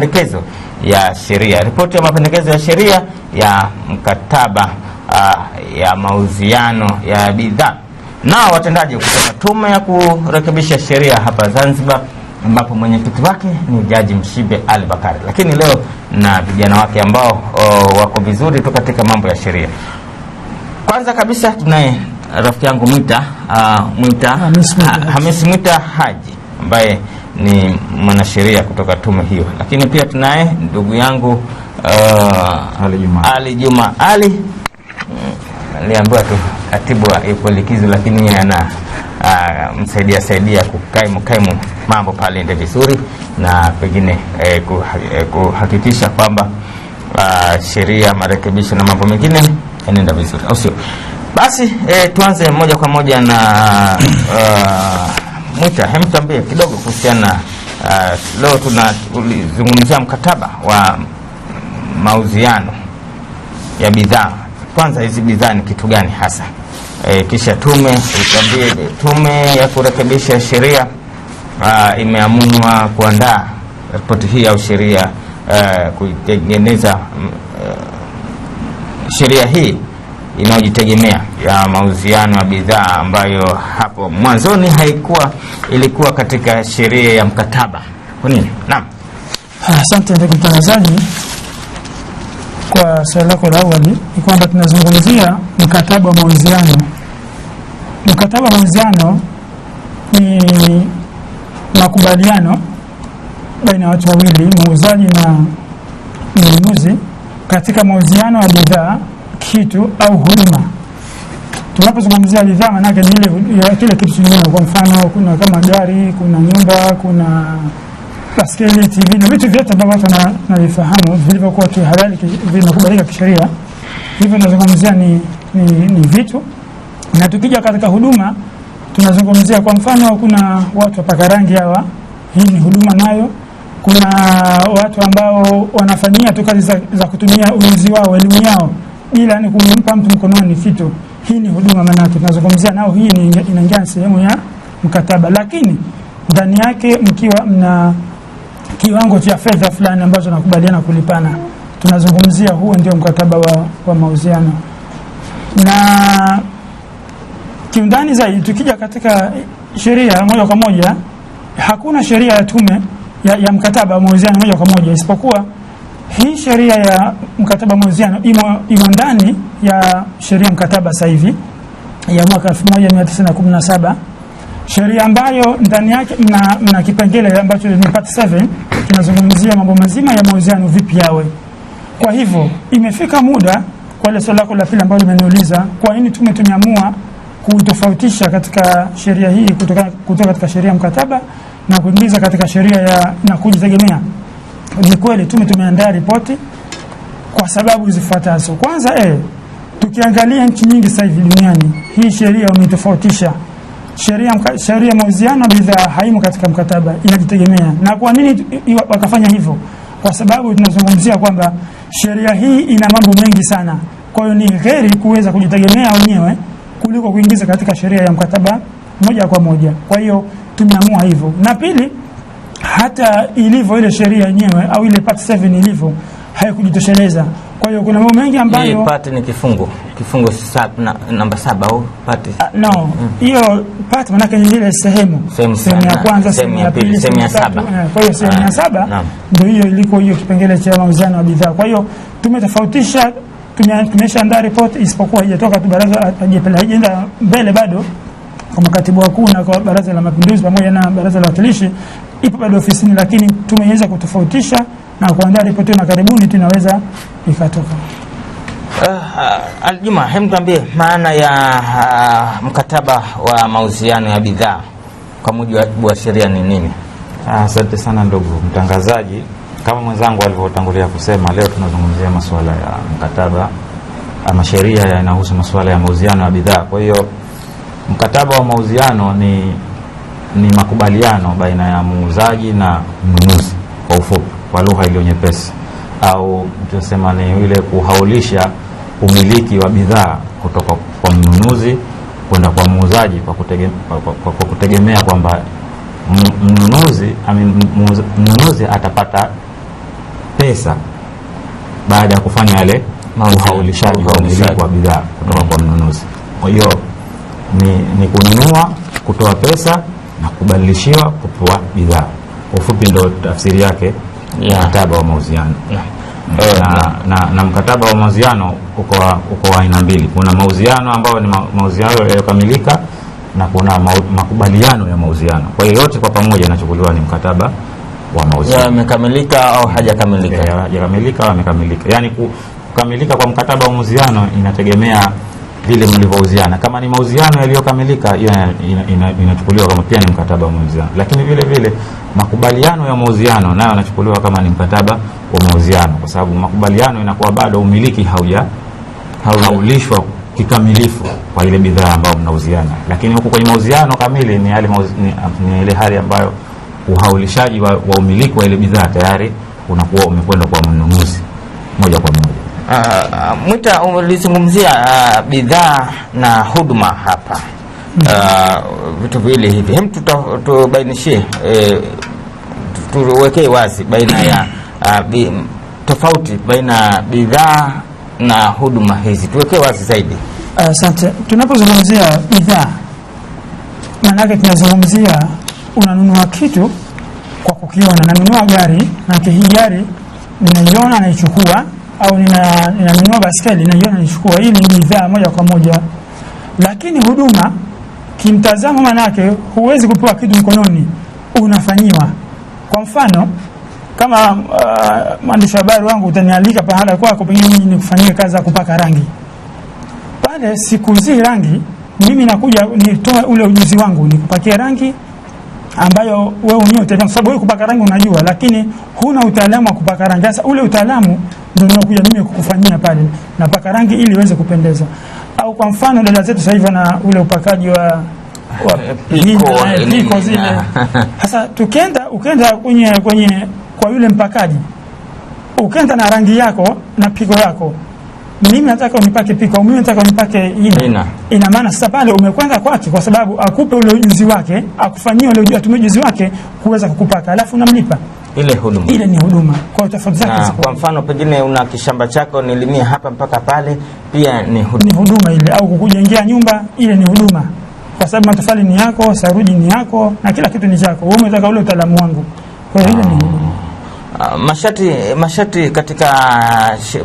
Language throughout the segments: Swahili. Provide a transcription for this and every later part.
mapendekezo ya sheria, ripoti ya mapendekezo ya sheria ya mkataba uh, ya mauziano ya bidhaa. na watendaji kutoka tume ya kurekebisha sheria hapa Zanzibar, ambapo mwenyekiti wake ni Jaji Mshibe Ali Bakari, lakini leo na vijana wake ambao o, wako vizuri tu katika mambo ya sheria. Kwanza kabisa tunaye rafiki yangu Mwita uh, Mwita Hamisi ah, Mwita Haji ambaye ni mwanasheria kutoka tume hiyo, lakini pia tunaye ndugu yangu uh, Ali Juma Ali, Juma Ali mm, aliambiwa tu katibu yuko likizo, lakini yeye ana uh, msaidia saidia kukaimu kaimu mambo pale ende vizuri na pengine eh, eh, kuhakikisha kwamba uh, sheria marekebisho na mambo mengine yanaenda vizuri, au sio? Basi eh, tuanze moja kwa moja na uh, Mwita, hemtambie kidogo kuhusiana uh, leo tunazungumzia mkataba wa mauziano ya bidhaa. Kwanza hizi bidhaa ni kitu gani hasa e, kisha tume itambie, tume ya kurekebisha sheria uh, imeamua kuandaa ripoti hii au sheria uh, kuitengeneza mm, uh, sheria hii inayojitegemea ya mauziano ya bidhaa ambayo hapo mwanzoni haikuwa, ilikuwa katika sheria ya mkataba. Kwa nini? Naam, asante ndugu mtangazaji kwa swali lako la awali. Ni kwamba tunazungumzia mkataba wa mauziano. Mkataba wa mauziano ni makubaliano baina ya watu wawili, muuzaji na mnunuzi, katika mauziano ya bidhaa kitu au huruma Tunapozungumzia bidhaa, manake ni ile kile kitu chenyewe. Kwa mfano, kuna kama gari, kuna nyumba, kuna baskeli, TV na vitu vyote ambavyo watu wanavifahamu vilivyokuwa kihalali, vinakubalika kisheria. Hivyo tunazungumzia ni, ni, ni vitu, na tukija katika huduma tunazungumzia kwa mfano, kuna watu wapaka rangi hawa, hii ni huduma nayo. Kuna watu ambao wanafanyia tu kazi za, za kutumia ulinzi wao, elimu yao bila ni kumpa mtu mkononi fito. Hii ni huduma, manake tunazungumzia nao, hii inaingia sehemu ya mkataba, lakini ndani yake mkiwa mna kiwango cha fedha fulani ambazo nakubaliana kulipana, tunazungumzia huo ndio mkataba wa, wa mauziano. Na kiundani zaidi tukija katika sheria moja kwa moja, hakuna sheria ya tume ya, ya mkataba wa mauziano moja kwa moja isipokuwa hii sheria ya mkataba mwenziano imo, imo ndani ya sheria mkataba sasa hivi ya mwaka 1917 sheria ambayo ndani yake mna, mna kipengele ambacho ni part 7 kinazungumzia mambo mazima ya mauziano vipi yawe. Kwa hivyo imefika muda kwa ile swali lako la pili ambayo limeniuliza, kwa nini tume tumeamua kutofautisha katika sheria hii kutoka, kutoka katika sheria mkataba na kuingiza katika sheria ya na kujitegemea ni kweli tume tumeandaa ripoti kwa sababu zifuatazo. Kwanza eh, tukiangalia nchi nyingi sasa hivi duniani, hii sheria umetofautisha sheria sheria mauziano bidhaa haimo katika mkataba, inajitegemea. Na kwa nini wakafanya hivyo? Kwa sababu tunazungumzia kwamba sheria hii ina mambo mengi sana, kwa hiyo ni heri kuweza kujitegemea wenyewe kuliko kuingiza katika sheria ya mkataba moja kwa moja. Kwa hiyo tumeamua hivyo, na pili hata ilivyo ile sheria yenyewe au ile part 7 ilivyo haikujitosheleza. Kwa hiyo kuna mambo mengi ambayo ile part ni kifungo kifungo sab, na, namba saba au part uh, no mm. hiyo mm. part manake ni ile sehemu sehemu ya kwanza, sehemu ya pili, sehemu ya saba. Kwa hiyo sehemu ya ah, saba ndio hiyo iliko hiyo kipengele cha mauzano wa bidhaa. Kwa hiyo tumetofautisha, tumeshaandaa report, isipokuwa haijatoka tu baraza, haijaenda mbele bado kwa makatibu wakuu na kwa Baraza la Mapinduzi pamoja na Baraza la wakilishi ipo bado ofisini, lakini tumeweza kutofautisha na kuandaa ripoti na karibuni tunaweza ikatoka. Uh, ah, ah, Aljuma, hem tuambie maana ya uh, mkataba wa mauziano ya bidhaa kwa mujibu wa sheria ni nini? Asante uh, sana ndugu mtangazaji. Kama mwenzangu alivyotangulia kusema, leo tunazungumzia masuala ya mkataba ama sheria yanayohusu masuala ya mauziano ya bidhaa. Kwa hiyo Mkataba wa mauziano ni, ni makubaliano baina ya muuzaji na mnunuzi, kwa ufupi, kwa lugha iliyo nyepesi, au tunasema ni ile kuhaulisha umiliki wa bidhaa kutoka kwa mnunuzi kwenda kwa muuzaji kwa kutegemea, kwa kutegemea kwamba mnunuzi mnunuzi atapata pesa baada ya kufanya yale mauhaulishaji wa umiliki wa bidhaa kutoka kwa mnunuzi. Kwa hiyo ni, ni kununua, kutoa pesa na kubadilishiwa kupewa bidhaa. Kwa ufupi ndo tafsiri yake yeah. Mkataba wa mauziano yeah. Na, eh. na, na, na mkataba wa mauziano uko wa aina mbili. Kuna mauziano ambayo ni mauziano yaliyokamilika na kuna makubaliano ya mauziano. Kwa hiyo yote kwa pamoja inachukuliwa ni mkataba wa mauziano, yamekamilika au hajakamilika, hajakamilika au amekamilika. Yaani kukamilika kwa mkataba wa mauziano inategemea vile mlivyouziana. Kama ni mauziano yaliyokamilika, hiyo inachukuliwa kama pia ni mkataba wa mauziano, lakini vile vile makubaliano ya mauziano nayo yanachukuliwa kama ni mkataba wa mauziano, kwa sababu makubaliano inakuwa bado umiliki hauja haulishwa kikamilifu kwa ile bidhaa ambayo mnauziana, lakini huko kwenye mauziano kamili ni yale ni ile hali ambayo uhaulishaji wa, wa umiliki wa ile bidhaa tayari unakuwa umekwenda kwa mnunuzi. Ah, Mwita ulizungumzia uh, bidhaa na huduma hapa uh, vitu viwili hivi, hem tubainishie eh, tuwekee wazi baina ya uh, bi, tofauti baina ya bidhaa na huduma hizi, tuwekee wazi zaidi. Asante. Uh, tunapozungumzia bidhaa, maanake tunazungumzia unanunua kitu kwa kukiona. Nanunua gari, manake hii gari ninaiona, naichukua au ninanunua baskeli naiona nichukua, hii ni bidhaa moja kwa moja. Lakini huduma kimtazamo, manake huwezi kupewa kitu mkononi, unafanyiwa. Kwa mfano kama uh, mwandishi wa habari wangu utanialika pahala kwako, pengine mimi kufanyia kazi ya kupaka rangi pale, sikuzii rangi mimi nakuja nitoe ule ujuzi wangu nikupakie rangi ambayo wewe mwenyewe kwa sababu wewe kupaka rangi unajua, lakini huna utaalamu wa kupaka rangi. Sasa ule utaalamu ndio nakuja mimi kukufanyia pale, napaka rangi ili iweze kupendeza. Au kwa mfano dada zetu sasa hivi na ule upakaji wa piko eh, zile. Sasa tukenda ukenda kwenye kwenye kwa yule mpakaji, ukenda na rangi yako na piko yako, mimi nataka unipake piko, au mimi nataka unipake ina, ina maana sasa pale umekwenda kwake, kwa sababu akupe ule ujuzi wake, akufanyie ule ujuzi wake kuweza kukupaka, alafu unamlipa ile huduma ile ni huduma. Kwa tofauti zake, kwa mfano pengine una kishamba chako nilimia hapa mpaka pale, pia ni huduma, ni huduma ile. Au kukujengea nyumba, ile ni huduma, kwa sababu matofali ni yako, saruji ni yako, na kila kitu ni chako wewe, umetaka ule utaalamu wangu. Kwa hiyo ile ni huduma. Ah, ah, masharti masharti katika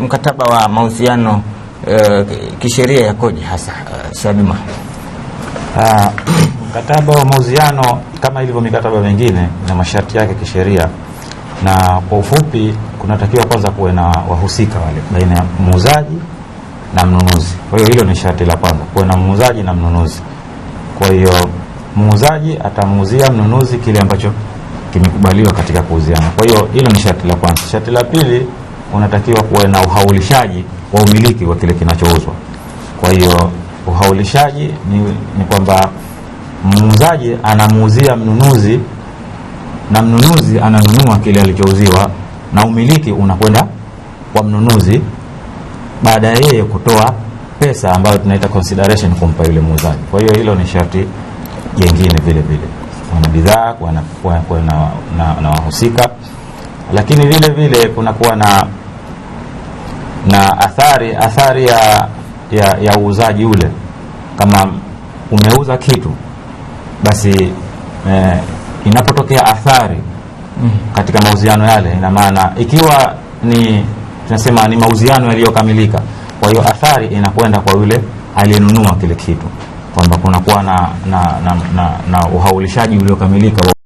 mkataba wa mahusiano uh, kisheria yakoje hasa e, eh, Salima? Ah, mkataba wa mahusiano kama ilivyo mikataba mingine na masharti yake kisheria na kwa ufupi, kunatakiwa kwanza kuwe na wahusika wale baina ya muuzaji na mnunuzi. Kwa hiyo hilo ni sharti la kwanza, kuwe na muuzaji na mnunuzi. Kwa hiyo muuzaji atamuuzia mnunuzi kile ambacho kimekubaliwa katika kuuziana. Kwa hiyo hilo ni sharti la kwanza. Sharti la pili, unatakiwa kuwe na uhaulishaji wa umiliki wa kile kinachouzwa. Kwa hiyo uhaulishaji ni, ni kwamba muuzaji anamuuzia mnunuzi na mnunuzi ananunua kile alichouziwa na umiliki unakwenda kwa mnunuzi baada ya yeye kutoa pesa ambayo tunaita consideration kumpa yule muuzaji. Kwa hiyo hilo ni sharti jingine vile vile, kuna bidhaa kuwa na wahusika, lakini vile vile kunakuwa na na athari athari ya ya, ya uuzaji ule. Kama umeuza kitu basi eh, inapotokea athari katika mauziano yale, ina maana ikiwa ni tunasema ni mauziano yaliyokamilika, kwa hiyo athari inakwenda kwa yule aliyenunua kile kitu, kwamba kunakuwa na, na, na, na, na uhaulishaji uliokamilika.